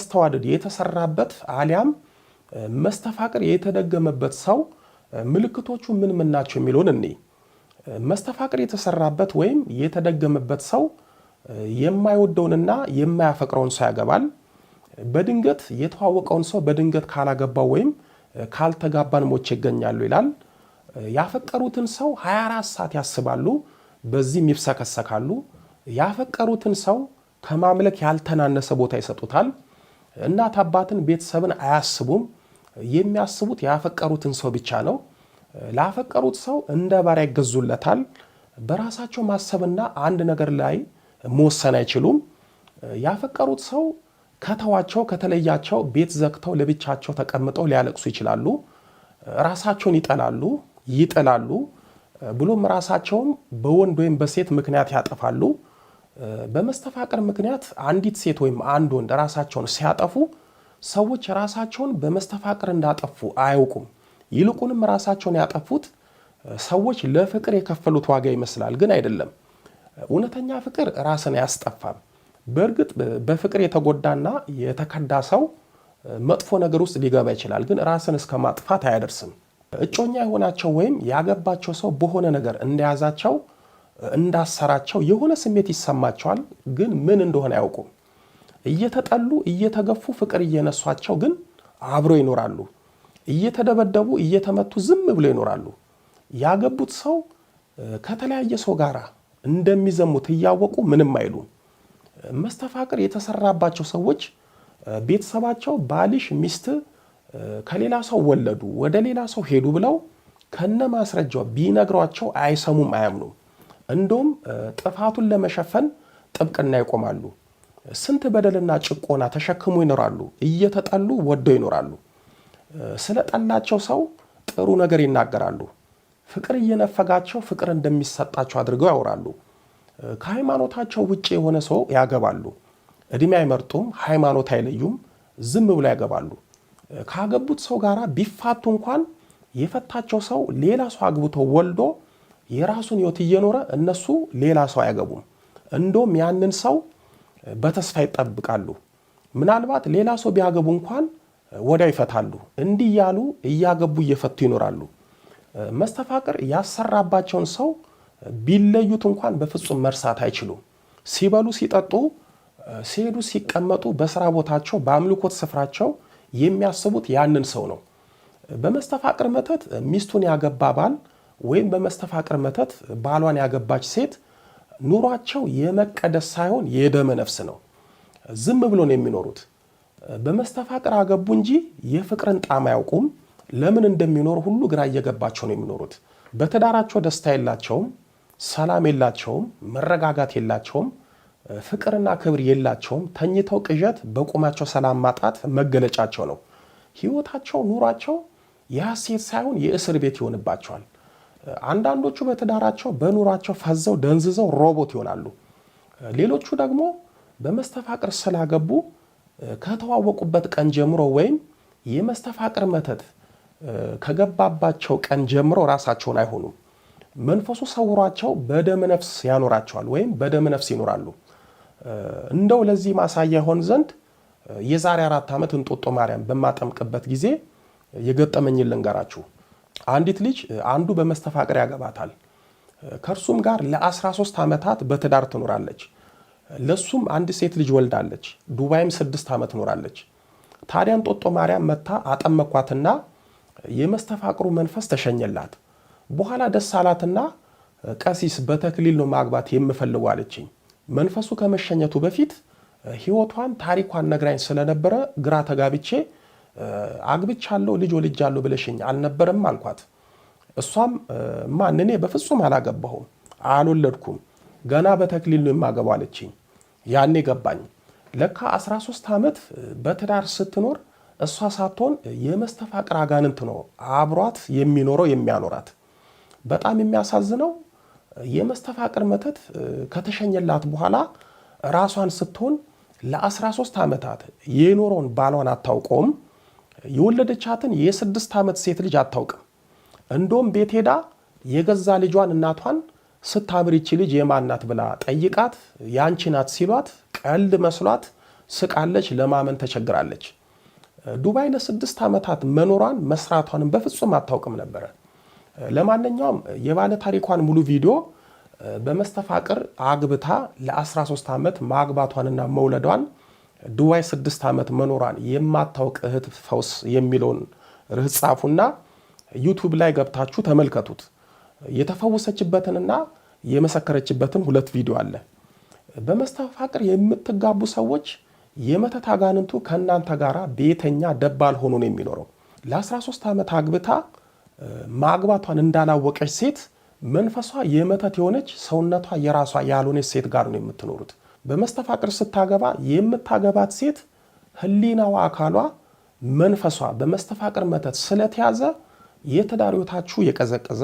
መስተዋደድ የተሰራበት አሊያም መስተፋቅር የተደገመበት ሰው ምልክቶቹ ምን ምን ናቸው የሚለውን እኔ መስተፋቅር የተሰራበት ወይም የተደገመበት ሰው የማይወደውንና የማያፈቅረውን ሰው ያገባል። በድንገት የተዋወቀውን ሰው በድንገት ካላገባው ወይም ካልተጋባን ሞቼ ይገኛሉ ይላል። ያፈቀሩትን ሰው 24 ሰዓት ያስባሉ፣ በዚህም ይብሰከሰካሉ። ያፈቀሩትን ሰው ከማምለክ ያልተናነሰ ቦታ ይሰጡታል። እናት አባትን፣ ቤተሰብን አያስቡም። የሚያስቡት ያፈቀሩትን ሰው ብቻ ነው። ላፈቀሩት ሰው እንደ ባሪያ ይገዙለታል። በራሳቸው ማሰብና አንድ ነገር ላይ መወሰን አይችሉም። ያፈቀሩት ሰው ከተዋቸው ከተለያቸው ቤት ዘግተው ለብቻቸው ተቀምጠው ሊያለቅሱ ይችላሉ። ራሳቸውን ይጠላሉ፣ ይጥላሉ፣ ብሎም ራሳቸውም በወንድ ወይም በሴት ምክንያት ያጠፋሉ። በመስተፋቅር ምክንያት አንዲት ሴት ወይም አንድ ወንድ ራሳቸውን ሲያጠፉ ሰዎች ራሳቸውን በመስተፋቅር እንዳጠፉ አያውቁም። ይልቁንም ራሳቸውን ያጠፉት ሰዎች ለፍቅር የከፈሉት ዋጋ ይመስላል፣ ግን አይደለም። እውነተኛ ፍቅር ራስን አያስጠፋም። በእርግጥ በፍቅር የተጎዳና የተከዳ ሰው መጥፎ ነገር ውስጥ ሊገባ ይችላል፣ ግን ራስን እስከ ማጥፋት አያደርስም። እጮኛ የሆናቸው ወይም ያገባቸው ሰው በሆነ ነገር እንደያዛቸው እንዳሰራቸው የሆነ ስሜት ይሰማቸዋል፣ ግን ምን እንደሆነ አያውቁም። እየተጠሉ እየተገፉ ፍቅር እየነሷቸው ግን አብረው ይኖራሉ። እየተደበደቡ እየተመቱ ዝም ብለው ይኖራሉ። ያገቡት ሰው ከተለያየ ሰው ጋር እንደሚዘሙት እያወቁ ምንም አይሉም። መስተፋቅር የተሰራባቸው ሰዎች ቤተሰባቸው ባልሽ ሚስት ከሌላ ሰው ወለዱ፣ ወደ ሌላ ሰው ሄዱ ብለው ከነ ማስረጃው ቢነግሯቸው አይሰሙም፣ አያምኑም። እንዲሁም ጥፋቱን ለመሸፈን ጥብቅና ይቆማሉ። ስንት በደልና ጭቆና ተሸክሞ ይኖራሉ። እየተጠሉ ወደው ይኖራሉ። ስለ ሰው ጥሩ ነገር ይናገራሉ። ፍቅር እየነፈጋቸው ፍቅር እንደሚሰጣቸው አድርገው ያወራሉ። ከሃይማኖታቸው ውጭ የሆነ ሰው ያገባሉ። እድሜ አይመርጡም፣ ሃይማኖት አይለዩም፣ ዝም ብሎ ያገባሉ። ካገቡት ሰው ጋር ቢፋቱ እንኳን የፈታቸው ሰው ሌላ ሰው አግብቶ ወልዶ የራሱን ህይወት እየኖረ እነሱ ሌላ ሰው አያገቡም። እንዶም ያንን ሰው በተስፋ ይጠብቃሉ። ምናልባት ሌላ ሰው ቢያገቡ እንኳን ወዲያው ይፈታሉ። እንዲህ እያሉ እያገቡ እየፈቱ ይኖራሉ። መስተፋቅር ያሰራባቸውን ሰው ቢለዩት እንኳን በፍጹም መርሳት አይችሉም። ሲበሉ፣ ሲጠጡ፣ ሲሄዱ፣ ሲቀመጡ፣ በስራ ቦታቸው፣ በአምልኮት ስፍራቸው የሚያስቡት ያንን ሰው ነው። በመስተፋቅር መተት ሚስቱን ያገባ ባል ወይም በመስተፋቅር መተት ባሏን ያገባች ሴት ኑሯቸው የመቀደስ ሳይሆን የደመ ነፍስ ነው። ዝም ብሎ ነው የሚኖሩት። በመስተፋቅር አገቡ እንጂ የፍቅርን ጣዕም አያውቁም። ለምን እንደሚኖር ሁሉ ግራ እየገባቸው ነው የሚኖሩት። በትዳራቸው ደስታ የላቸውም፣ ሰላም የላቸውም፣ መረጋጋት የላቸውም፣ ፍቅርና ክብር የላቸውም። ተኝተው ቅዠት፣ በቁማቸው ሰላም ማጣት መገለጫቸው ነው። ህይወታቸው ኑሯቸው የሐሴት ሳይሆን የእስር ቤት ይሆንባቸዋል። አንዳንዶቹ በትዳራቸው በኑሯቸው ፈዘው ደንዝዘው ሮቦት ይሆናሉ። ሌሎቹ ደግሞ በመስተፋቅር ስላገቡ ከተዋወቁበት ቀን ጀምሮ ወይም የመስተፋቅር መተት ከገባባቸው ቀን ጀምሮ ራሳቸውን አይሆኑም። መንፈሱ ሰውሯቸው ነፍስ ያኖራቸዋል ወይም ነፍስ ይኖራሉ። እንደው ለዚህ ማሳያ ይሆን ዘንድ የዛሬ አራት ዓመት እንጦጦ ማርያም በማጠምቅበት ጊዜ የገጠመኝን ልንገራችሁ። አንዲት ልጅ አንዱ በመስተፋቅር ያገባታል። ከእርሱም ጋር ለ13 ዓመታት በትዳር ትኖራለች። ለሱም አንድ ሴት ልጅ ወልዳለች። ዱባይም ስድስት ዓመት ኖራለች። ታዲያ እንጦጦ ማርያም መታ አጠመኳትና የመስተፋቅሩ መንፈስ ተሸኘላት። በኋላ ደስ አላትና ቀሲስ በተክሊል ነው ማግባት የምፈልጉ አለችኝ። መንፈሱ ከመሸኘቱ በፊት ህይወቷን ታሪኳን ነግራኝ ስለነበረ ግራ ተጋብቼ አግብቻለሁ ልጅ ወልጃለሁ ብለሽኝ አልነበረም አልኳት። እሷም ማን እኔ በፍጹም አላገባሁም አልወለድኩም ገና በተክሊል ነው የማገባው አለችኝ። ያኔ ገባኝ። ለካ 13 ዓመት በትዳር ስትኖር እሷ ሳትሆን የመስተፋቅር አጋንንት ነው አብሯት የሚኖረው የሚያኖራት። በጣም የሚያሳዝነው የመስተፋቅር መተት ከተሸኘላት በኋላ ራሷን ስትሆን ለ13 ዓመታት የኖረውን ባሏን አታውቀውም። የወለደቻትን የስድስት ዓመት ሴት ልጅ አታውቅም። እንደውም ቤት ሄዳ የገዛ ልጇን እናቷን ስታምር ይቺ ልጅ የማናት ብላ ጠይቃት ያንቺ ናት ሲሏት ቀልድ መስሏት ስቃለች፣ ለማመን ተቸግራለች። ዱባይ ለስድስት ዓመታት መኖሯን መስራቷንም በፍጹም አታውቅም ነበረ። ለማንኛውም የባለ ታሪኳን ሙሉ ቪዲዮ በመስተፋቅር አግብታ ለ13 ዓመት ማግባቷንና መውለዷን ድዋይ ስድስት ዓመት መኖሯን የማታውቅ እህት ፈውስ የሚለውን ርዕስ ጻፉና ዩቱብ ላይ ገብታችሁ ተመልከቱት። የተፈወሰችበትንና የመሰከረችበትን ሁለት ቪዲዮ አለ። በመስተፋቅር የምትጋቡ ሰዎች የመተት አጋንንቱ ከእናንተ ጋር ቤተኛ ደባል ሆኖ ነው የሚኖረው። ለ13 ዓመት አግብታ ማግባቷን እንዳላወቀች ሴት መንፈሷ የመተት የሆነች ሰውነቷ የራሷ ያልሆነች ሴት ጋር ነው የምትኖሩት። በመስተፋቅር ስታገባ የምታገባት ሴት ህሊናዋ፣ አካሏ፣ መንፈሷ በመስተፋቅር መተት ስለተያዘ የተዳሪዎታችሁ የቀዘቀዘ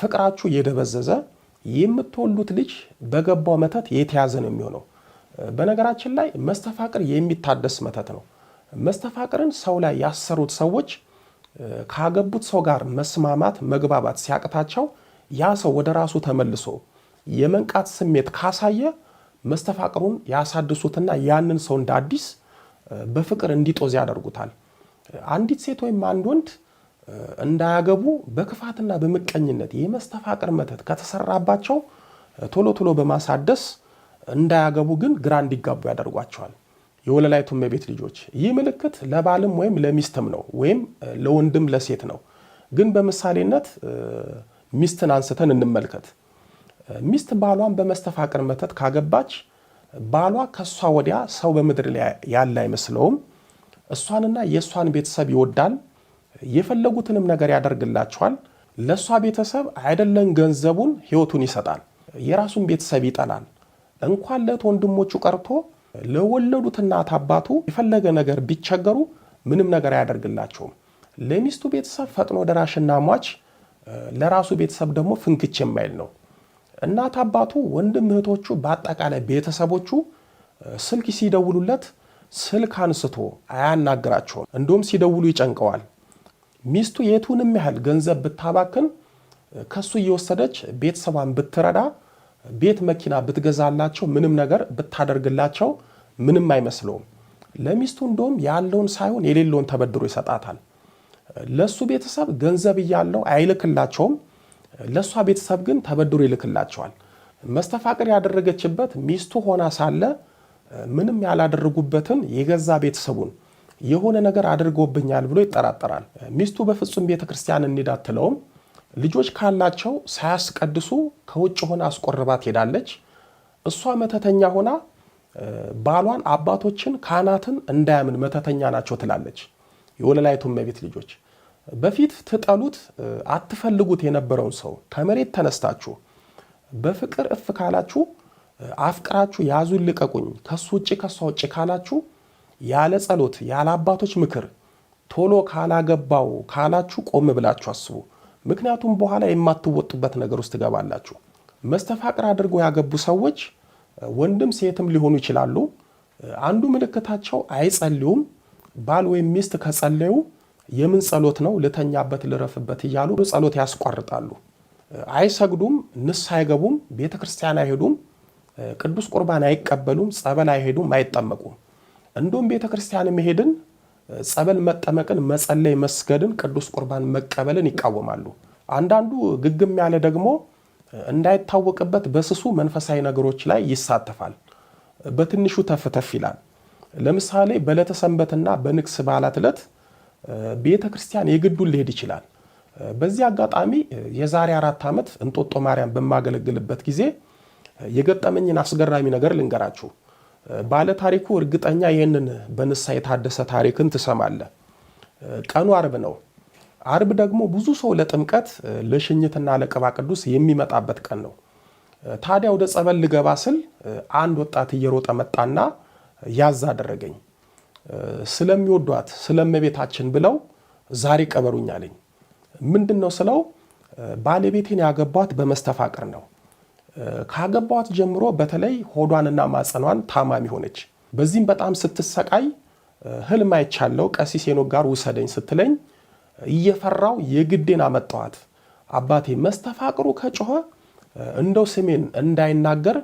ፍቅራችሁ የደበዘዘ የምትወሉት ልጅ በገባው መተት የተያዘ ነው የሚሆነው። በነገራችን ላይ መስተፋቅር የሚታደስ መተት ነው። መስተፋቅርን ሰው ላይ ያሰሩት ሰዎች ካገቡት ሰው ጋር መስማማት መግባባት ሲያቅታቸው ያ ሰው ወደ ራሱ ተመልሶ የመንቃት ስሜት ካሳየ መስተፋቅሩን ያሳድሱትና ያንን ሰው እንደ አዲስ በፍቅር እንዲጦዝ ያደርጉታል። አንዲት ሴት ወይም አንድ ወንድ እንዳያገቡ በክፋትና በምቀኝነት የመስተፋቅር መተት ከተሰራባቸው ቶሎ ቶሎ በማሳደስ እንዳያገቡ ግን ግራ እንዲጋቡ ያደርጓቸዋል። የወለላይቱ እመቤት ልጆች፣ ይህ ምልክት ለባልም ወይም ለሚስትም ነው ወይም ለወንድም ለሴት ነው። ግን በምሳሌነት ሚስትን አንስተን እንመልከት። ሚስት ባሏን በመስተፋቅር መተት ካገባች ባሏ ከእሷ ወዲያ ሰው በምድር ላይ ያለ አይመስለውም። እሷንና የእሷን ቤተሰብ ይወዳል። የፈለጉትንም ነገር ያደርግላቸዋል። ለእሷ ቤተሰብ አይደለም ገንዘቡን፣ ሕይወቱን ይሰጣል። የራሱን ቤተሰብ ይጠላል። እንኳን ለት ወንድሞቹ ቀርቶ ለወለዱት እናት አባቱ የፈለገ ነገር ቢቸገሩ ምንም ነገር አያደርግላቸውም። ለሚስቱ ቤተሰብ ፈጥኖ ደራሽና ሟች፣ ለራሱ ቤተሰብ ደግሞ ፍንክች የማይል ነው። እናት አባቱ፣ ወንድም እህቶቹ፣ በአጠቃላይ ቤተሰቦቹ ስልክ ሲደውሉለት ስልክ አንስቶ አያናግራቸውም። እንዲሁም ሲደውሉ ይጨንቀዋል። ሚስቱ የቱንም ያህል ገንዘብ ብታባክን ከሱ እየወሰደች ቤተሰቧን ብትረዳ ቤት መኪና ብትገዛላቸው ምንም ነገር ብታደርግላቸው ምንም አይመስለውም። ለሚስቱ እንደውም ያለውን ሳይሆን የሌለውን ተበድሮ ይሰጣታል። ለሱ ቤተሰብ ገንዘብ እያለው አይልክላቸውም። ለእሷ ቤተሰብ ግን ተበድሮ ይልክላቸዋል። መስተፋቅር ያደረገችበት ሚስቱ ሆና ሳለ ምንም ያላደረጉበትን የገዛ ቤተሰቡን የሆነ ነገር አድርጎብኛል ብሎ ይጠራጠራል። ሚስቱ በፍጹም ቤተ ክርስቲያን እንሂድ አትለውም። ልጆች ካላቸው ሳያስቀድሱ ከውጭ ሆና አስቆርባ ትሄዳለች። እሷ መተተኛ ሆና ባሏን አባቶችን ካህናትን እንዳያምን መተተኛ ናቸው ትላለች። የወለላይቱ እመቤት ልጆች በፊት ትጠሉት አትፈልጉት የነበረውን ሰው ከመሬት ተነስታችሁ በፍቅር እፍ ካላችሁ አፍቅራችሁ ያዙን ልቀቁኝ ከሱ ውጭ ከሷ ውጭ ካላችሁ ያለ ጸሎት ያለ አባቶች ምክር ቶሎ ካላገባው ካላችሁ ቆም ብላችሁ አስቡ። ምክንያቱም በኋላ የማትወጡበት ነገር ውስጥ ትገባላችሁ። መስተፋቅር አድርገው ያገቡ ሰዎች ወንድም ሴትም ሊሆኑ ይችላሉ። አንዱ ምልክታቸው አይጸልዩም። ባል ወይም ሚስት ከጸለዩ የምን ጸሎት ነው ልተኛበት ልረፍበት እያሉ ጸሎት ያስቋርጣሉ። አይሰግዱም፣ ንስ አይገቡም፣ ቤተ ክርስቲያን አይሄዱም፣ ቅዱስ ቁርባን አይቀበሉም፣ ጸበል አይሄዱም፣ አይጠመቁም። እንዲሁም ቤተ ክርስቲያን መሄድን፣ ጸበል መጠመቅን፣ መጸለይ፣ መስገድን፣ ቅዱስ ቁርባን መቀበልን ይቃወማሉ። አንዳንዱ ግግም ያለ ደግሞ እንዳይታወቅበት በስሱ መንፈሳዊ ነገሮች ላይ ይሳተፋል። በትንሹ ተፍተፍ ይላል። ለምሳሌ በዕለተ ሰንበትና በንግስ በዓላት ዕለት ቤተ ክርስቲያን የግዱ ሊሄድ ይችላል። በዚህ አጋጣሚ የዛሬ አራት ዓመት እንጦጦ ማርያም በማገለግልበት ጊዜ የገጠመኝን አስገራሚ ነገር ልንገራችሁ። ባለ ታሪኩ እርግጠኛ ይህንን በንሳ የታደሰ ታሪክን ትሰማለ ቀኑ አርብ ነው። አርብ ደግሞ ብዙ ሰው ለጥምቀት ለሽኝትና ለቅባ ቅዱስ የሚመጣበት ቀን ነው። ታዲያ ወደ ጸበል ልገባ ስል አንድ ወጣት እየሮጠ መጣና ያዝ አደረገኝ። ስለሚወዷት ስለመቤታችን ብለው ዛሬ ቀበሩኝ አለኝ። ምንድን ነው ስለው ባለቤቴን ያገቧት በመስተፋቅር ነው። ካገቧት ጀምሮ በተለይ ሆዷንና ማጸኗን ታማሚ ሆነች። በዚህም በጣም ስትሰቃይ ህልም አይቻለው ቀሲስ ሄኖክ ጋር ውሰደኝ ስትለኝ እየፈራው የግዴን አመጣዋት። አባቴ መስተፋቅሩ ከጮኸ እንደው ስሜን እንዳይናገር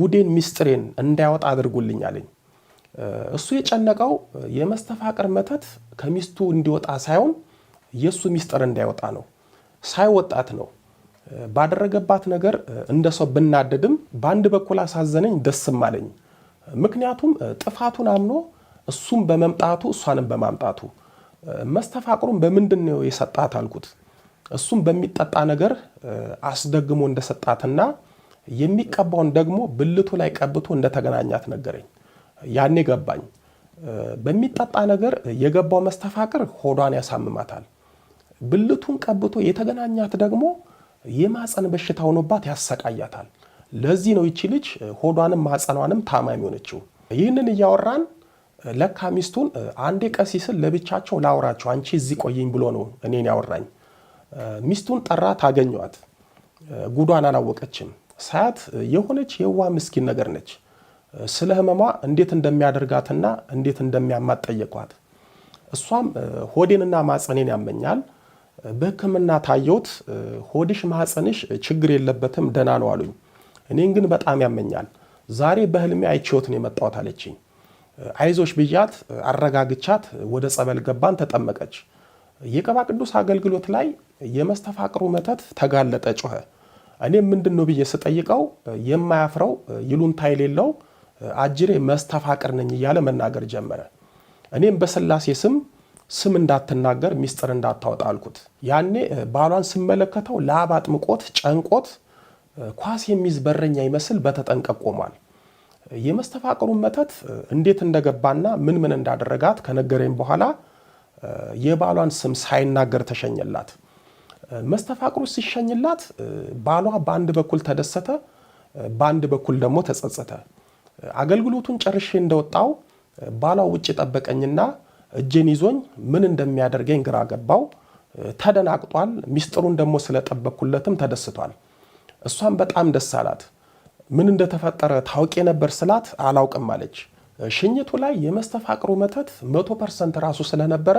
ጉዴን ሚስጥሬን እንዳይወጣ አድርጉልኝ አለኝ። እሱ የጨነቀው የመስተፋቅር መተት ከሚስቱ እንዲወጣ ሳይሆን የእሱ ሚስጥር እንዳይወጣ ነው። ሳይወጣት ነው ባደረገባት ነገር እንደ ሰው ብናደድም በአንድ በኩል አሳዘነኝ፣ ደስም አለኝ። ምክንያቱም ጥፋቱን አምኖ እሱም በመምጣቱ እሷንም በማምጣቱ መስተፋቅሩን በምንድን ነው የሰጣት አልኩት። እሱም በሚጠጣ ነገር አስደግሞ እንደሰጣትና የሚቀባውን ደግሞ ብልቱ ላይ ቀብቶ እንደተገናኛት ነገረኝ። ያኔ ገባኝ። በሚጠጣ ነገር የገባው መስተፋቅር ሆዷን ያሳምማታል። ብልቱን ቀብቶ የተገናኛት ደግሞ የማፀን በሽታ ሆኖባት ያሰቃያታል። ለዚህ ነው ይቺ ልጅ ሆዷንም ማፀኗንም ታማሚ ሆነችው። ይህንን እያወራን ለካ ሚስቱን አንዴ ቀሲስን ለብቻቸው ላውራቸው አንቺ እዚህ ቆይኝ ብሎ ነው እኔን ያወራኝ። ሚስቱን ጠራት፣ አገኘዋት። ጉዷን አላወቀችም። ሳያት የሆነች የዋ ምስኪን ነገር ነች። ስለ ህመሟ እንዴት እንደሚያደርጋትና እንዴት እንደሚያማት ጠየቋት። እሷም ሆዴንና ማጸኔን ያመኛል፣ በህክምና ታየሁት፣ ሆድሽ ማህፀንሽ ችግር የለበትም ደህና ነው አሉኝ። እኔን ግን በጣም ያመኛል፣ ዛሬ በህልሜ አይቼዎት ነው የመጣሁት አለችኝ። አይዞሽ ብያት አረጋግቻት ወደ ጸበል ገባን። ተጠመቀች። የቅባ ቅዱስ አገልግሎት ላይ የመስተፋቅሩ መተት ተጋለጠ፣ ጮኸ። እኔም ምንድን ነው ብዬ ስጠይቀው የማያፍረው ይሉንታ የሌለው አጅሬ መስተፋቅር ነኝ እያለ መናገር ጀመረ። እኔም በስላሴ ስም ስም እንዳትናገር ሚስጥር እንዳታወጣ አልኩት። ያኔ ባሏን ስመለከተው ላብ አጥምቆት ጨንቆት ኳስ የሚይዝ በረኛ ይመስል በተጠንቀቅ ቆሟል። የመስተፋቅሩን መተት እንዴት እንደገባና ምን ምን እንዳደረጋት ከነገረኝ በኋላ የባሏን ስም ሳይናገር ተሸኘላት። መስተፋቅሩ ሲሸኝላት ባሏ በአንድ በኩል ተደሰተ፣ በአንድ በኩል ደግሞ ተጸጸተ። አገልግሎቱን ጨርሼ እንደወጣው ባላው ውጭ ጠበቀኝና እጄን ይዞኝ ምን እንደሚያደርገኝ ግራ ገባው። ተደናግጧል። ሚስጥሩን ደግሞ ስለጠበቅኩለትም ተደስቷል። እሷም በጣም ደስ አላት። ምን እንደተፈጠረ ታውቂ ነበር ስላት አላውቅም አለች። ሽኝቱ ላይ የመስተፋቅሩ መተት መቶ ፐርሰንት ራሱ ስለነበረ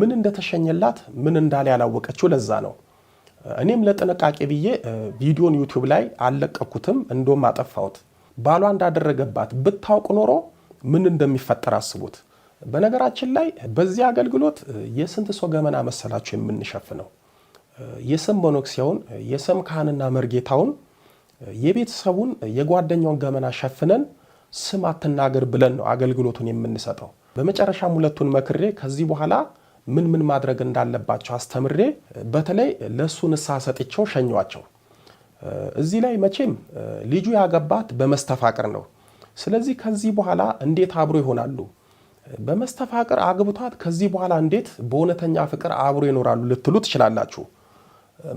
ምን እንደተሸኘላት ምን እንዳለ ያላወቀችው ለዛ ነው። እኔም ለጥንቃቄ ብዬ ቪዲዮን ዩቲዩብ ላይ አልለቀኩትም፣ እንደውም አጠፋሁት። ባሏ እንዳደረገባት ብታውቅ ኖሮ ምን እንደሚፈጠር አስቡት። በነገራችን ላይ በዚህ አገልግሎት የስንት ሰው ገመና መሰላችሁ የምንሸፍነው? የስም መነኩሴውን፣ የስም ካህንና መርጌታውን፣ የቤተሰቡን፣ የጓደኛውን ገመና ሸፍነን ስም አትናገር ብለን ነው አገልግሎቱን የምንሰጠው። በመጨረሻም ሁለቱን መክሬ ከዚህ በኋላ ምን ምን ማድረግ እንዳለባቸው አስተምሬ በተለይ ለእሱ ንስሐ ሰጥቼው ሸኟቸው። እዚህ ላይ መቼም ልጁ ያገባት በመስተፋቅር ነው። ስለዚህ ከዚህ በኋላ እንዴት አብሮ ይሆናሉ? በመስተፋቅር አግብቷት ከዚህ በኋላ እንዴት በእውነተኛ ፍቅር አብሮ ይኖራሉ ልትሉ ትችላላችሁ።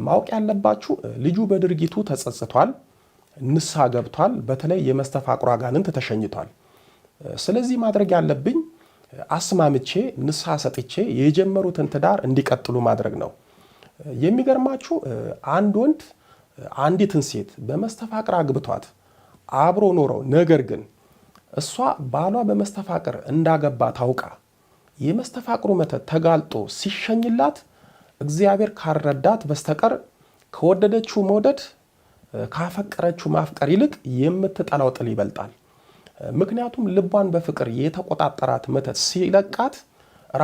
ማወቅ ያለባችሁ ልጁ በድርጊቱ ተጸጽቷል፣ ንሳ ገብቷል። በተለይ የመስተፋቅሯ አጋንንት ተሸኝቷል። ስለዚህ ማድረግ ያለብኝ አስማምቼ ንስሐ ሰጥቼ የጀመሩትን ትዳር እንዲቀጥሉ ማድረግ ነው። የሚገርማችሁ አንድ ወንድ አንዲትን ሴት በመስተፋቅር አግብቷት አብሮ ኖረው ነገር ግን እሷ ባሏ በመስተፋቅር እንዳገባ ታውቃ የመስተፋቅሩ መተት ተጋልጦ ሲሸኝላት እግዚአብሔር ካረዳት በስተቀር ከወደደችው መውደድ ካፈቀረችው ማፍቀር ይልቅ የምትጠላው ጥል ይበልጣል። ምክንያቱም ልቧን በፍቅር የተቆጣጠራት መተት ሲለቃት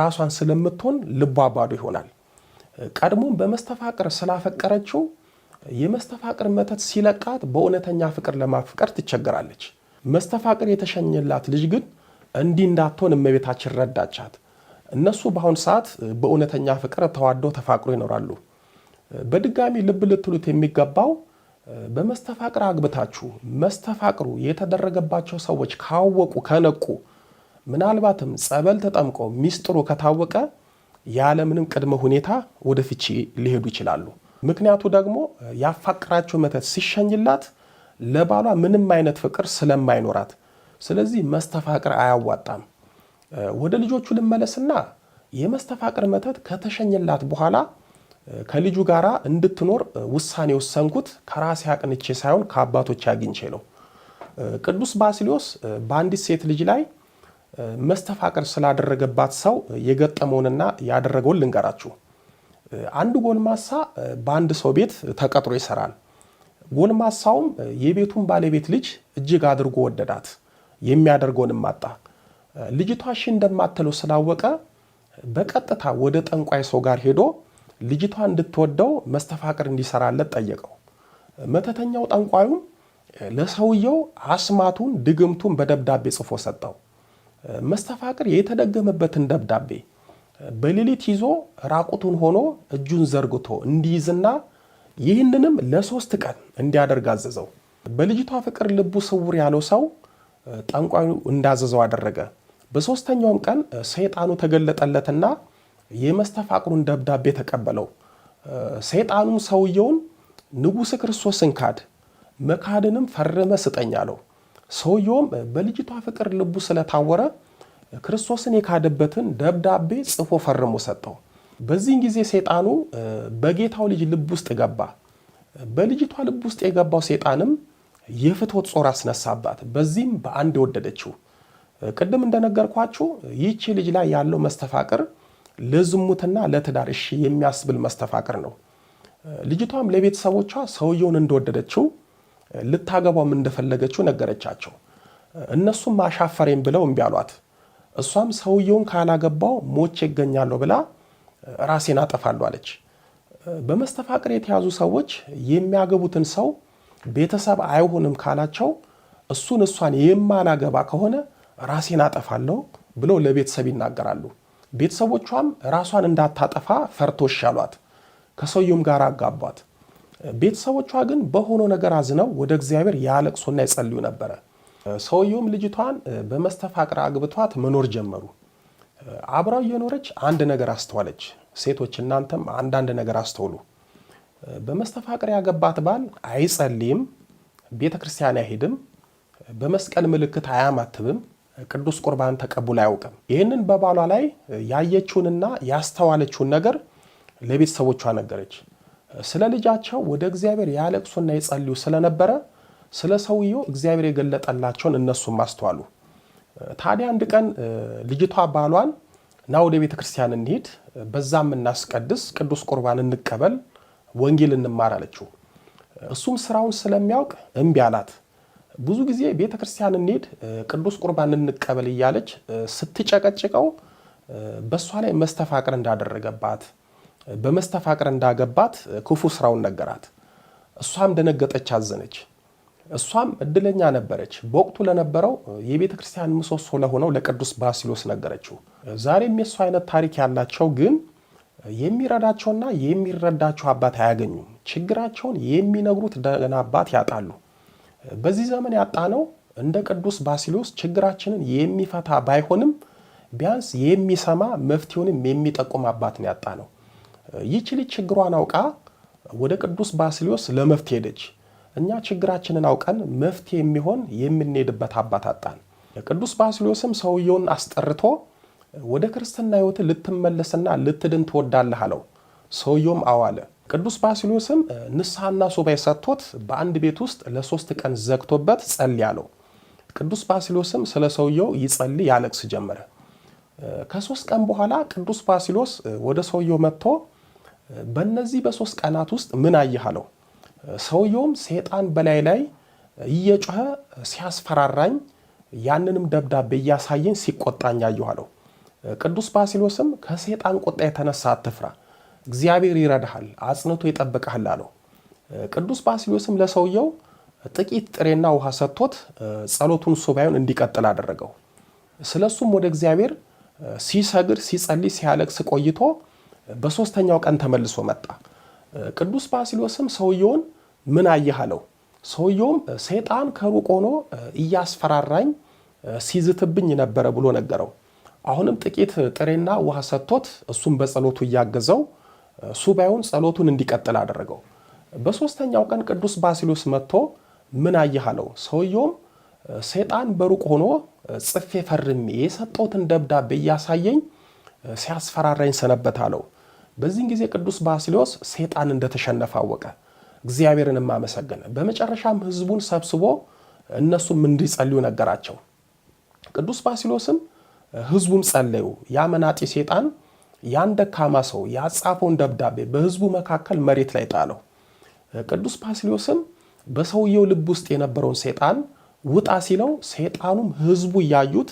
ራሷን ስለምትሆን ልቧ ባዶ ይሆናል። ቀድሞም በመስተፋቅር ስላፈቀረችው የመስተፋቅር መተት ሲለቃት በእውነተኛ ፍቅር ለማፍቀር ትቸገራለች። መስተፋቅር የተሸኘላት ልጅ ግን እንዲህ እንዳትሆን እመቤታችን ረዳቻት። እነሱ በአሁን ሰዓት በእውነተኛ ፍቅር ተዋደው ተፋቅሮ ይኖራሉ። በድጋሚ ልብ ልትሉት የሚገባው በመስተፋቅር አግብታችሁ መስተፋቅሩ የተደረገባቸው ሰዎች ካወቁ ከነቁ፣ ምናልባትም ጸበል ተጠምቀው ሚስጥሩ ከታወቀ ያለምንም ቅድመ ሁኔታ ወደ ፍቺ ሊሄዱ ይችላሉ። ምክንያቱ ደግሞ ያፋቅራቸው መተት ሲሸኝላት ለባሏ ምንም አይነት ፍቅር ስለማይኖራት፣ ስለዚህ መስተፋቅር አያዋጣም። ወደ ልጆቹ ልመለስና የመስተፋቅር መተት ከተሸኝላት በኋላ ከልጁ ጋር እንድትኖር ውሳኔ ወሰንኩት ከራሴ አቅንቼ ሳይሆን ከአባቶች አግኝቼ ነው። ቅዱስ ባስልዮስ በአንዲት ሴት ልጅ ላይ መስተፋቅር ስላደረገባት ሰው የገጠመውንና ያደረገውን ልንገራችሁ። አንድ ጎልማሳ በአንድ ሰው ቤት ተቀጥሮ ይሰራል። ጎልማሳውም የቤቱን ባለቤት ልጅ እጅግ አድርጎ ወደዳት፣ የሚያደርገውንም አጣ። ልጅቷ እሺ እንደማትለው ስላወቀ በቀጥታ ወደ ጠንቋይ ሰው ጋር ሄዶ ልጅቷ እንድትወደው መስተፋቅር እንዲሰራለት ጠየቀው። መተተኛው ጠንቋዩም ለሰውየው አስማቱን ድግምቱን በደብዳቤ ጽፎ ሰጠው። መስተፋቅር የተደገመበትን ደብዳቤ በሌሊት ይዞ ራቁቱን ሆኖ እጁን ዘርግቶ እንዲይዝና ይህንንም ለሶስት ቀን እንዲያደርግ አዘዘው። በልጅቷ ፍቅር ልቡ ስውር ያለው ሰው ጠንቋዩ እንዳዘዘው አደረገ። በሦስተኛውም ቀን ሰይጣኑ ተገለጠለትና የመስተፋቅሩን ደብዳቤ ተቀበለው። ሰይጣኑም ሰውየውን ንጉሥ ክርስቶስን ካድ፣ መካድንም ፈርመ ስጠኝ አለው። ሰውየውም በልጅቷ ፍቅር ልቡ ስለታወረ ክርስቶስን የካደበትን ደብዳቤ ጽፎ ፈርሞ ሰጠው። በዚህን ጊዜ ሰይጣኑ በጌታው ልጅ ልብ ውስጥ ገባ። በልጅቷ ልብ ውስጥ የገባው ሰይጣንም የፍትወት ጾር አስነሳባት። በዚህም በአንድ የወደደችው ቅድም እንደነገርኳችሁ ይቺ ልጅ ላይ ያለው መስተፋቅር ለዝሙትና ለትዳር እሺ የሚያስብል መስተፋቅር ነው። ልጅቷም ለቤተሰቦቿ ሰውየውን እንደወደደችው ልታገባውም እንደፈለገችው ነገረቻቸው። እነሱም አሻፈሬም ብለው እምቢ አሏት። እሷም ሰውየውን ካላገባው ሞቼ ይገኛሉ ብላ ራሴን አጠፋለሁ አለች። በመስተፋቅር የተያዙ ሰዎች የሚያገቡትን ሰው ቤተሰብ አይሆንም ካላቸው እሱን እሷን የማላገባ ከሆነ ራሴን አጠፋለሁ ብለው ለቤተሰብ ይናገራሉ። ቤተሰቦቿም ራሷን እንዳታጠፋ ፈርቶሽ አሏት። ከሰውየውም ጋር አጋቧት። ቤተሰቦቿ ግን በሆነው ነገር አዝነው ወደ እግዚአብሔር ያለቅሱና ይጸልዩ ነበረ። ሰውየውም ልጅቷን በመስተፋቅር አግብቷት መኖር ጀመሩ። አብራው እየኖረች አንድ ነገር አስተዋለች። ሴቶች እናንተም አንዳንድ ነገር አስተውሉ። በመስተፋቅር ያገባት ባል አይጸልይም፣ ቤተ ክርስቲያን አይሄድም፣ በመስቀል ምልክት አያማትብም፣ ቅዱስ ቁርባን ተቀብሎ አያውቅም። ይህንን በባሏ ላይ ያየችውንና ያስተዋለችውን ነገር ለቤተሰቦቿ ነገረች። ስለ ልጃቸው ወደ እግዚአብሔር ያለቅሱና ይጸልዩ ስለነበረ ስለ ሰውየው እግዚአብሔር የገለጠላቸውን እነሱም አስተዋሉ። ታዲያ አንድ ቀን ልጅቷ ባሏን ና ወደ ቤተ ክርስቲያን እንሂድ፣ በዛም እናስቀድስ፣ ቅዱስ ቁርባን እንቀበል፣ ወንጌል እንማር አለችው። እሱም ስራውን ስለሚያውቅ እምቢ አላት። ብዙ ጊዜ ቤተ ክርስቲያን እንሂድ፣ ቅዱስ ቁርባን እንቀበል እያለች ስትጨቀጭቀው በእሷ ላይ መስተፋቅር እንዳደረገባት በመስተፋቅር እንዳገባት ክፉ ስራውን ነገራት። እሷም ደነገጠች፣ አዘነች። እሷም እድለኛ ነበረች። በወቅቱ ለነበረው የቤተ ክርስቲያን ምሰሶ ለሆነው ለቅዱስ ባሲሎስ ነገረችው። ዛሬም የእሷ አይነት ታሪክ ያላቸው ግን የሚረዳቸውና የሚረዳቸው አባት አያገኙም። ችግራቸውን የሚነግሩት ደህና አባት ያጣሉ። በዚህ ዘመን ያጣነው እንደ ቅዱስ ባሲሎስ ችግራችንን የሚፈታ ባይሆንም ቢያንስ የሚሰማ መፍትሄውንም የሚጠቁም አባትን ያጣ ነው። ይች ልጅ ችግሯን አውቃ ወደ ቅዱስ ባሲሎስ ለመፍትሄ ሄደች። እኛ ችግራችንን አውቀን መፍትሄ የሚሆን የምንሄድበት አባት አጣን። ቅዱስ ባስሊዮስም ሰውየውን አስጠርቶ ወደ ክርስትና ሕይወት ልትመለስና ልትድን ትወዳለህ አለው። ሰውየውም አዋለ። ቅዱስ ባስሊዮስም ንስሐና ሱባኤ ሰጥቶት በአንድ ቤት ውስጥ ለሶስት ቀን ዘግቶበት ጸልይ አለው። ቅዱስ ባስሊዮስም ስለ ሰውየው ይጸልይ ያለቅስ ጀመረ። ከሶስት ቀን በኋላ ቅዱስ ባስሊዮስ ወደ ሰውየው መጥቶ በእነዚህ በሶስት ቀናት ውስጥ ምን አየህ አለው። ሰውየውም ሴጣን በላይ ላይ እየጮኸ ሲያስፈራራኝ ያንንም ደብዳቤ እያሳየኝ ሲቆጣኝ አየሁ ቅዱስ ባሲሎስም ከሴጣን ቁጣ የተነሳ አትፍራ፣ እግዚአብሔር ይረዳሃል፣ አጽንቶ ይጠብቀሃል አለው። ቅዱስ ባሲሎስም ለሰውየው ጥቂት ጥሬና ውሃ ሰጥቶት ጸሎቱን ሱባኤውን እንዲቀጥል አደረገው። ስለ እሱም ወደ እግዚአብሔር ሲሰግድ ሲጸልይ ሲያለቅስ ቆይቶ በሦስተኛው ቀን ተመልሶ መጣ። ቅዱስ ባሲሎስም ሰውየውን ምን አየህ ሰውየውም ሰይጣን ከሩቅ ሆኖ እያስፈራራኝ ሲዝትብኝ ነበረ ብሎ ነገረው። አሁንም ጥቂት ጥሬና ውሃ ሰጥቶት እሱም በጸሎቱ እያገዘው ሱባኤውን ጸሎቱን እንዲቀጥል አደረገው። በሦስተኛው ቀን ቅዱስ ባሲሎስ መጥቶ ምን አየህ ሰውየውም ሰይጣን በሩቅ ሆኖ ጽፌ ፈርሜ የሰጠሁትን ደብዳቤ እያሳየኝ ሲያስፈራራኝ ሰነበት አለው። በዚህን ጊዜ ቅዱስ ባስልዮስ ሰይጣን እንደተሸነፈ አወቀ፣ እግዚአብሔርንም አመሰገነ። በመጨረሻም ህዝቡን ሰብስቦ እነሱም እንዲጸልዩ ነገራቸው። ቅዱስ ባስልዮስም ህዝቡም ጸለዩ። ያ መናጢ ሰይጣን ያን ደካማ ሰው ያጻፈውን ደብዳቤ በህዝቡ መካከል መሬት ላይ ጣለው። ቅዱስ ባስልዮስም በሰውየው ልብ ውስጥ የነበረውን ሰይጣን ውጣ ሲለው ሰይጣኑም ህዝቡ እያዩት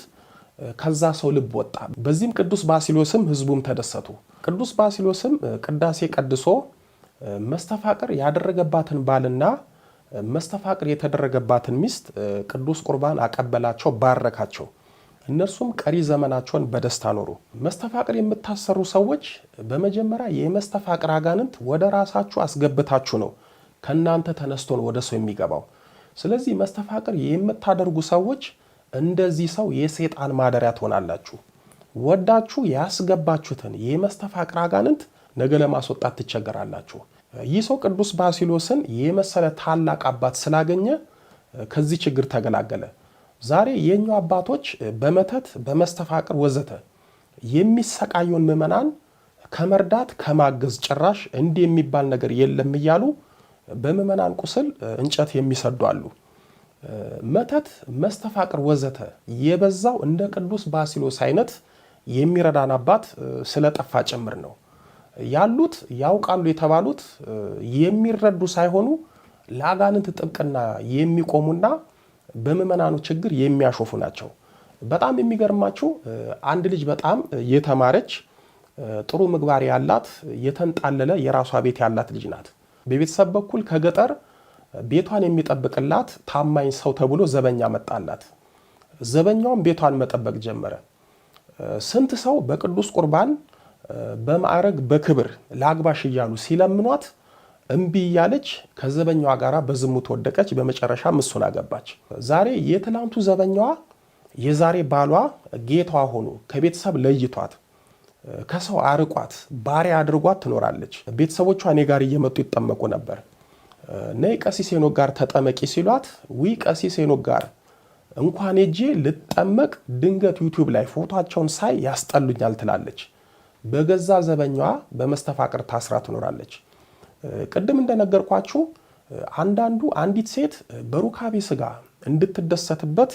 ከዛ ሰው ልብ ወጣ። በዚህም ቅዱስ ባስልዮስም ህዝቡም ተደሰቱ። ቅዱስ ባሲሎስም ቅዳሴ ቀድሶ መስተፋቅር ያደረገባትን ባልና መስተፋቅር የተደረገባትን ሚስት ቅዱስ ቁርባን አቀበላቸው፣ ባረካቸው። እነርሱም ቀሪ ዘመናቸውን በደስታ ኖሩ። መስተፋቅር የምታሰሩ ሰዎች በመጀመሪያ የመስተፋቅር አጋንንት ወደ ራሳችሁ አስገብታችሁ ነው ከእናንተ ተነስቶን ወደ ሰው የሚገባው። ስለዚህ መስተፋቅር የምታደርጉ ሰዎች እንደዚህ ሰው የሰይጣን ማደሪያ ትሆናላችሁ። ወዳችሁ ያስገባችሁትን የመስተፋቅር አጋንንት ነገ ለማስወጣት ትቸገራላችሁ። ይህ ሰው ቅዱስ ባሲሎስን የመሰለ ታላቅ አባት ስላገኘ ከዚህ ችግር ተገላገለ። ዛሬ የእኛው አባቶች በመተት በመስተፋቅር ወዘተ የሚሰቃየውን ምዕመናን ከመርዳት ከማገዝ ጭራሽ እንዲህ የሚባል ነገር የለም እያሉ በምዕመናን ቁስል እንጨት የሚሰዱ አሉ። መተት፣ መስተፋቅር ወዘተ የበዛው እንደ ቅዱስ ባሲሎስ አይነት የሚረዳን አባት ስለጠፋ ጭምር ነው። ያሉት ያውቃሉ የተባሉት የሚረዱ ሳይሆኑ ለአጋንንት ጥብቅና የሚቆሙና በምዕመናኑ ችግር የሚያሾፉ ናቸው። በጣም የሚገርማችሁ አንድ ልጅ በጣም የተማረች ጥሩ ምግባር ያላት የተንጣለለ የራሷ ቤት ያላት ልጅ ናት። በቤተሰብ በኩል ከገጠር ቤቷን የሚጠብቅላት ታማኝ ሰው ተብሎ ዘበኛ መጣላት። ዘበኛውም ቤቷን መጠበቅ ጀመረ። ስንት ሰው በቅዱስ ቁርባን በማዕረግ በክብር ለአግባሽ እያሉ ሲለምኗት እምቢ እያለች ከዘበኛዋ ጋር በዝሙት ወደቀች። በመጨረሻ እሱን አገባች። ዛሬ የትላንቱ ዘበኛዋ የዛሬ ባሏ ጌቷ ሆኖ ከቤተሰብ ለይቷት ከሰው አርቋት ባሪያ አድርጓት ትኖራለች። ቤተሰቦቿ እኔ ጋር እየመጡ ይጠመቁ ነበር። ነይ ቀሲስ ሄኖክ ጋር ተጠመቂ ሲሏት ዊ ቀሲስ ሄኖክ ጋር እንኳን ሄጄ ልጠመቅ ድንገት ዩቲዩብ ላይ ፎቶቸውን ሳይ ያስጠሉኛል ትላለች። በገዛ ዘበኛዋ በመስተፋቅር ታስራ ትኖራለች። ቅድም እንደነገርኳችሁ አንዳንዱ አንዲት ሴት በሩካቤ ስጋ እንድትደሰትበት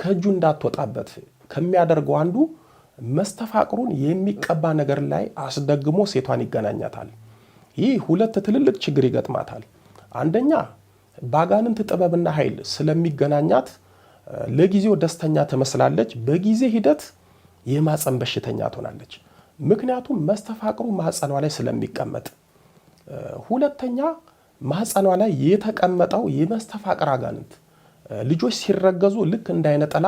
ከእጁ እንዳትወጣበት ከሚያደርገው አንዱ መስተፋቅሩን የሚቀባ ነገር ላይ አስደግሞ ሴቷን ይገናኛታል። ይህ ሁለት ትልልቅ ችግር ይገጥማታል። አንደኛ ባጋንንት ጥበብና ኃይል ስለሚገናኛት ለጊዜው ደስተኛ ትመስላለች፣ በጊዜ ሂደት የማፀን በሽተኛ ትሆናለች። ምክንያቱም መስተፋቅሩ ማፀኗ ላይ ስለሚቀመጥ። ሁለተኛ ማህፀኗ ላይ የተቀመጠው የመስተፋቅር አጋንንት ልጆች ሲረገዙ ልክ እንዳይነጠላ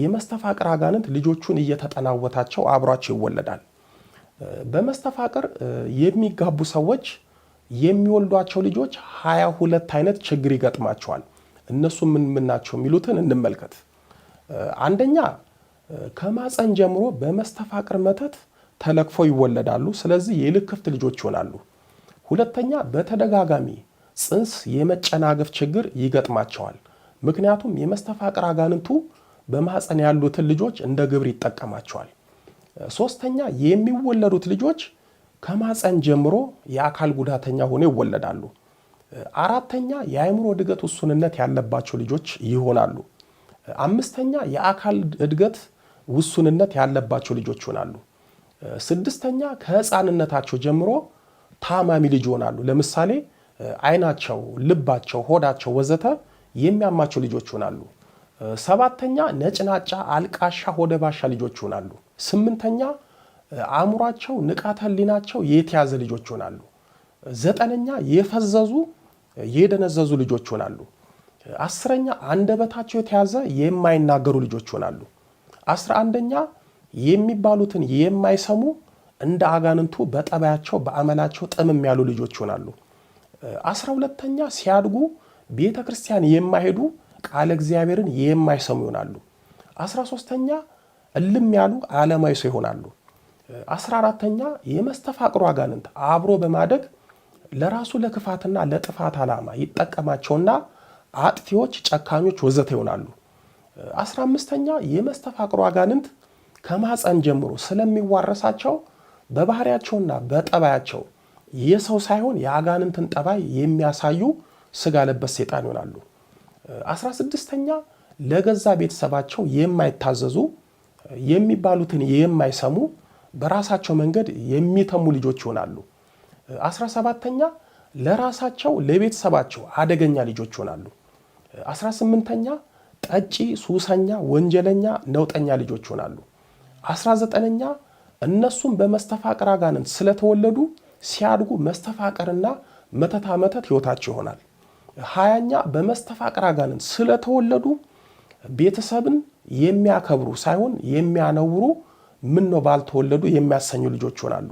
የመስተፋቅር አጋንንት ልጆቹን እየተጠናወታቸው አብሯቸው ይወለዳል። በመስተፋቅር የሚጋቡ ሰዎች የሚወልዷቸው ልጆች ሀያ ሁለት አይነት ችግር ይገጥማቸዋል። እነሱ ምን ምን ናቸው የሚሉትን እንመልከት። አንደኛ ከማፀን ጀምሮ በመስተፋቅር መተት ተለክፈው ይወለዳሉ። ስለዚህ የልክፍት ልጆች ይሆናሉ። ሁለተኛ በተደጋጋሚ ጽንስ የመጨናገፍ ችግር ይገጥማቸዋል። ምክንያቱም የመስተፋቅር አጋንንቱ በማፀን ያሉትን ልጆች እንደ ግብር ይጠቀማቸዋል። ሶስተኛ የሚወለዱት ልጆች ከማፀን ጀምሮ የአካል ጉዳተኛ ሆነው ይወለዳሉ። አራተኛ የአእምሮ እድገት ውሱንነት ያለባቸው ልጆች ይሆናሉ። አምስተኛ የአካል እድገት ውሱንነት ያለባቸው ልጆች ይሆናሉ። ስድስተኛ ከህፃንነታቸው ጀምሮ ታማሚ ልጅ ይሆናሉ። ለምሳሌ አይናቸው፣ ልባቸው፣ ሆዳቸው ወዘተ የሚያማቸው ልጆች ይሆናሉ። ሰባተኛ ነጭናጫ፣ አልቃሻ፣ ሆደባሻ ልጆች ይሆናሉ። ስምንተኛ አእምሯቸው፣ ንቃተ ህሊናቸው የተያዘ ልጆች ይሆናሉ። ዘጠነኛ የፈዘዙ የደነዘዙ ልጆች ይሆናሉ። አስረኛ አንደበታቸው የተያዘ የማይናገሩ ልጆች ይሆናሉ። አስራ አንደኛ የሚባሉትን የማይሰሙ እንደ አጋንንቱ በጠባያቸው በአመላቸው ጥምም ያሉ ልጆች ይሆናሉ። አስራ ሁለተኛ ሲያድጉ ቤተ ክርስቲያን የማይሄዱ ቃለ እግዚአብሔርን የማይሰሙ ይሆናሉ። አስራ ሶስተኛ እልም ያሉ አለማዊ ሰው ይሆናሉ። አስራ አራተኛ የመስተፋቅሩ አጋንንት አብሮ በማደግ ለራሱ ለክፋትና ለጥፋት ዓላማ ይጠቀማቸውና አጥፊዎች፣ ጨካኞች ወዘተ ይሆናሉ። አስራ አምስተኛ የመስተፋቅሩ አጋንንት ከማፀን ጀምሮ ስለሚዋረሳቸው በባህሪያቸውና በጠባያቸው የሰው ሳይሆን የአጋንንትን ጠባይ የሚያሳዩ ስጋ ለበስ ሴጣን ይሆናሉ። አስራ ስድስተኛ ለገዛ ቤተሰባቸው የማይታዘዙ የሚባሉትን የማይሰሙ በራሳቸው መንገድ የሚተሙ ልጆች ይሆናሉ። አስራ ሰባተኛ ለራሳቸው ለቤተሰባቸው አደገኛ ልጆች ይሆናሉ። አስራ ስምንተኛ ጠጪ፣ ሱሰኛ፣ ወንጀለኛ፣ ነውጠኛ ልጆች ይሆናሉ። አስራ ዘጠነኛ እነሱም በመስተፋቅር አጋንንት ስለተወለዱ ሲያድጉ መስተፋቅርና መተታ መተት ህይወታቸው ይሆናል። ሀያኛ በመስተፋቅር አጋንንት ስለተወለዱ ቤተሰብን የሚያከብሩ ሳይሆን የሚያነውሩ ምን ነው ባልተወለዱ የሚያሰኙ ልጆች ይሆናሉ።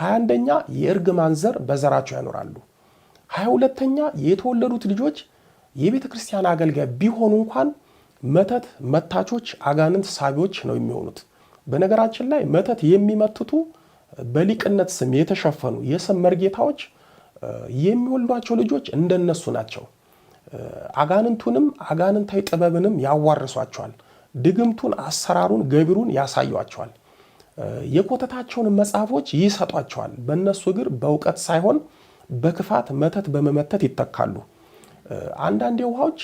ሀያ አንደኛ የእርግማን ዘር በዘራቸው ያኖራሉ። ሀያ ሁለተኛ የተወለዱት ልጆች የቤተ ክርስቲያን አገልጋይ ቢሆኑ እንኳን መተት መታቾች፣ አጋንንት ሳቢዎች ነው የሚሆኑት። በነገራችን ላይ መተት የሚመትቱ በሊቅነት ስም የተሸፈኑ የስም መርጌታዎች የሚወልዷቸው ልጆች እንደነሱ ናቸው። አጋንንቱንም አጋንንታዊ ጥበብንም ያዋርሷቸዋል። ድግምቱን፣ አሰራሩን፣ ገቢሩን ያሳዩቸዋል። የኮተታቸውን መጽሐፎች ይሰጧቸዋል። በእነሱ እግር በእውቀት ሳይሆን በክፋት መተት በመመተት ይተካሉ። አንዳንድ የውሃዎች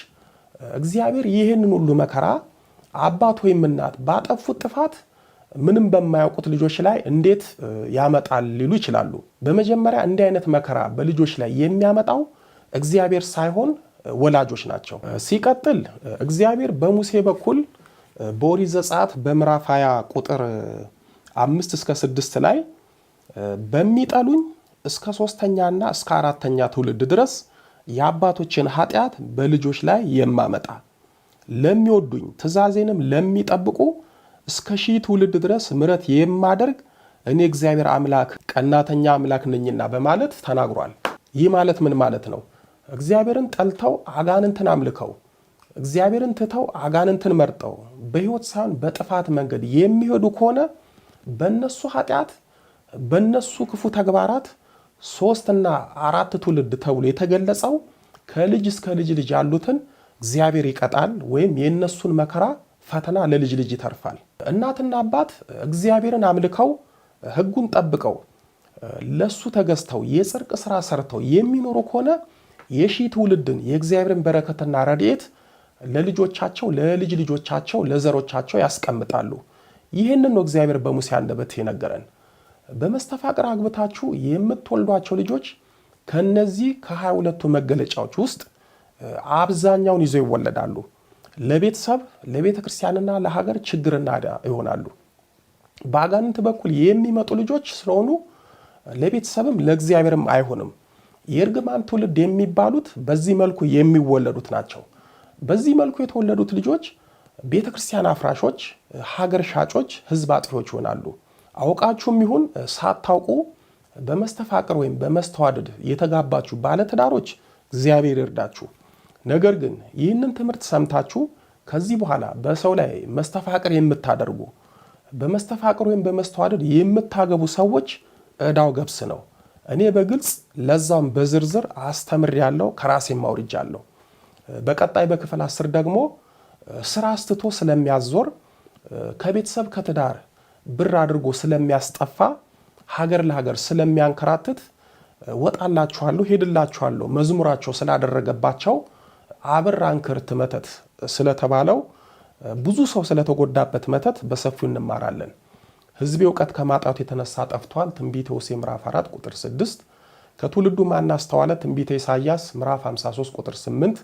እግዚአብሔር ይህንን ሁሉ መከራ አባት ወይም እናት ባጠፉት ጥፋት ምንም በማያውቁት ልጆች ላይ እንዴት ያመጣል ሊሉ ይችላሉ። በመጀመሪያ እንዲህ አይነት መከራ በልጆች ላይ የሚያመጣው እግዚአብሔር ሳይሆን ወላጆች ናቸው። ሲቀጥል እግዚአብሔር በሙሴ በኩል በኦሪት ዘጸአት በምዕራፍ 20 ቁጥር አምስት እስከ ስድስት ላይ በሚጠሉኝ እስከ ሶስተኛና እስከ አራተኛ ትውልድ ድረስ የአባቶችን ኃጢአት በልጆች ላይ የማመጣ ለሚወዱኝ ትእዛዜንም ለሚጠብቁ እስከ ሺህ ትውልድ ድረስ ምረት የማደርግ እኔ እግዚአብሔር አምላክ ቀናተኛ አምላክ ነኝና በማለት ተናግሯል። ይህ ማለት ምን ማለት ነው? እግዚአብሔርን ጠልተው አጋንንትን አምልከው እግዚአብሔርን ትተው አጋንንትን መርጠው በሕይወት ሳይሆን በጥፋት መንገድ የሚሄዱ ከሆነ በእነሱ ኃጢአት በእነሱ ክፉ ተግባራት ሶስትና አራት ትውልድ ተብሎ የተገለጸው ከልጅ እስከ ልጅ ልጅ ያሉትን እግዚአብሔር ይቀጣል ወይም የእነሱን መከራ ፈተና ለልጅ ልጅ ይተርፋል። እናትና አባት እግዚአብሔርን አምልከው ሕጉን ጠብቀው ለሱ ተገዝተው የጽርቅ ስራ ሰርተው የሚኖሩ ከሆነ የሺህ ትውልድን የእግዚአብሔርን በረከትና ረድኤት ለልጆቻቸው ለልጅ ልጆቻቸው ለዘሮቻቸው ያስቀምጣሉ። ይህንን ነው እግዚአብሔር በሙሴ አንደበት የነገረን። በመስተፋቅር አግብታችሁ የምትወልዷቸው ልጆች ከነዚህ ከሀያ ሁለቱ መገለጫዎች ውስጥ አብዛኛውን ይዘው ይወለዳሉ። ለቤተሰብ ለቤተ ክርስቲያንና ለሀገር ችግርና ይሆናሉ። በአጋንንት በኩል የሚመጡ ልጆች ስለሆኑ ለቤተሰብም ለእግዚአብሔርም አይሆንም። የእርግማን ትውልድ የሚባሉት በዚህ መልኩ የሚወለዱት ናቸው። በዚህ መልኩ የተወለዱት ልጆች ቤተ ክርስቲያን አፍራሾች፣ ሀገር ሻጮች፣ ህዝብ አጥፊዎች ይሆናሉ። አውቃችሁም ይሁን ሳታውቁ በመስተፋቅር ወይም በመስተዋደድ የተጋባችሁ ባለትዳሮች እግዚአብሔር ይርዳችሁ። ነገር ግን ይህንን ትምህርት ሰምታችሁ ከዚህ በኋላ በሰው ላይ መስተፋቅር የምታደርጉ በመስተፋቅር ወይም በመስተዋደድ የምታገቡ ሰዎች እዳው ገብስ ነው። እኔ በግልጽ ለዛም በዝርዝር አስተምር ያለው ከራሴ ማውርጃ አለው በቀጣይ በክፍል አስር ደግሞ ስራ አስትቶ ስለሚያዞር ከቤተሰብ ከትዳር ብር አድርጎ ስለሚያስጠፋ ሀገር ለሀገር ስለሚያንከራትት ወጣላችኋለሁ፣ ሄድላችኋለሁ መዝሙራቸው ስላደረገባቸው አብር አንክርት መተት ስለተባለው ብዙ ሰው ስለተጎዳበት መተት በሰፊው እንማራለን። ህዝቤ እውቀት ከማጣቱ የተነሳ ጠፍቷል። ትንቢተ ሆሴዕ ምዕራፍ 4 ቁጥር 6 ከትውልዱ ማናስተዋለ አስተዋለ? ትንቢተ ኢሳይያስ ምዕራፍ 53 ቁጥር 8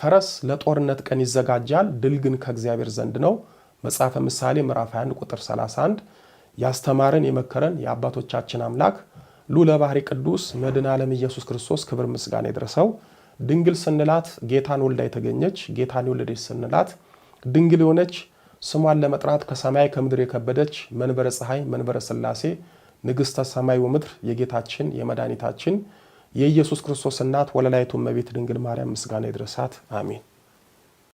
ፈረስ ለጦርነት ቀን ይዘጋጃል፣ ድል ግን ከእግዚአብሔር ዘንድ ነው። መጽሐፈ ምሳሌ ምዕራፍ 21 ቁጥር 31። ያስተማረን የመከረን የአባቶቻችን አምላክ ልዑለ ባሕርይ ቅዱስ መድኃኔ ዓለም ኢየሱስ ክርስቶስ ክብር ምስጋና የደረሰው። ድንግል ስንላት ጌታን ወልዳ የተገኘች ጌታን የወለደች ስንላት ድንግል የሆነች ስሟን ለመጥራት ከሰማይ ከምድር የከበደች መንበረ ፀሐይ መንበረ ሥላሴ ንግሥተ ሰማይ ወምድር የጌታችን የመድኃኒታችን የኢየሱስ ክርስቶስ እናት ወለላይቱ እመቤት ድንግል ማርያም ምስጋና ይድረሳት። አሜን።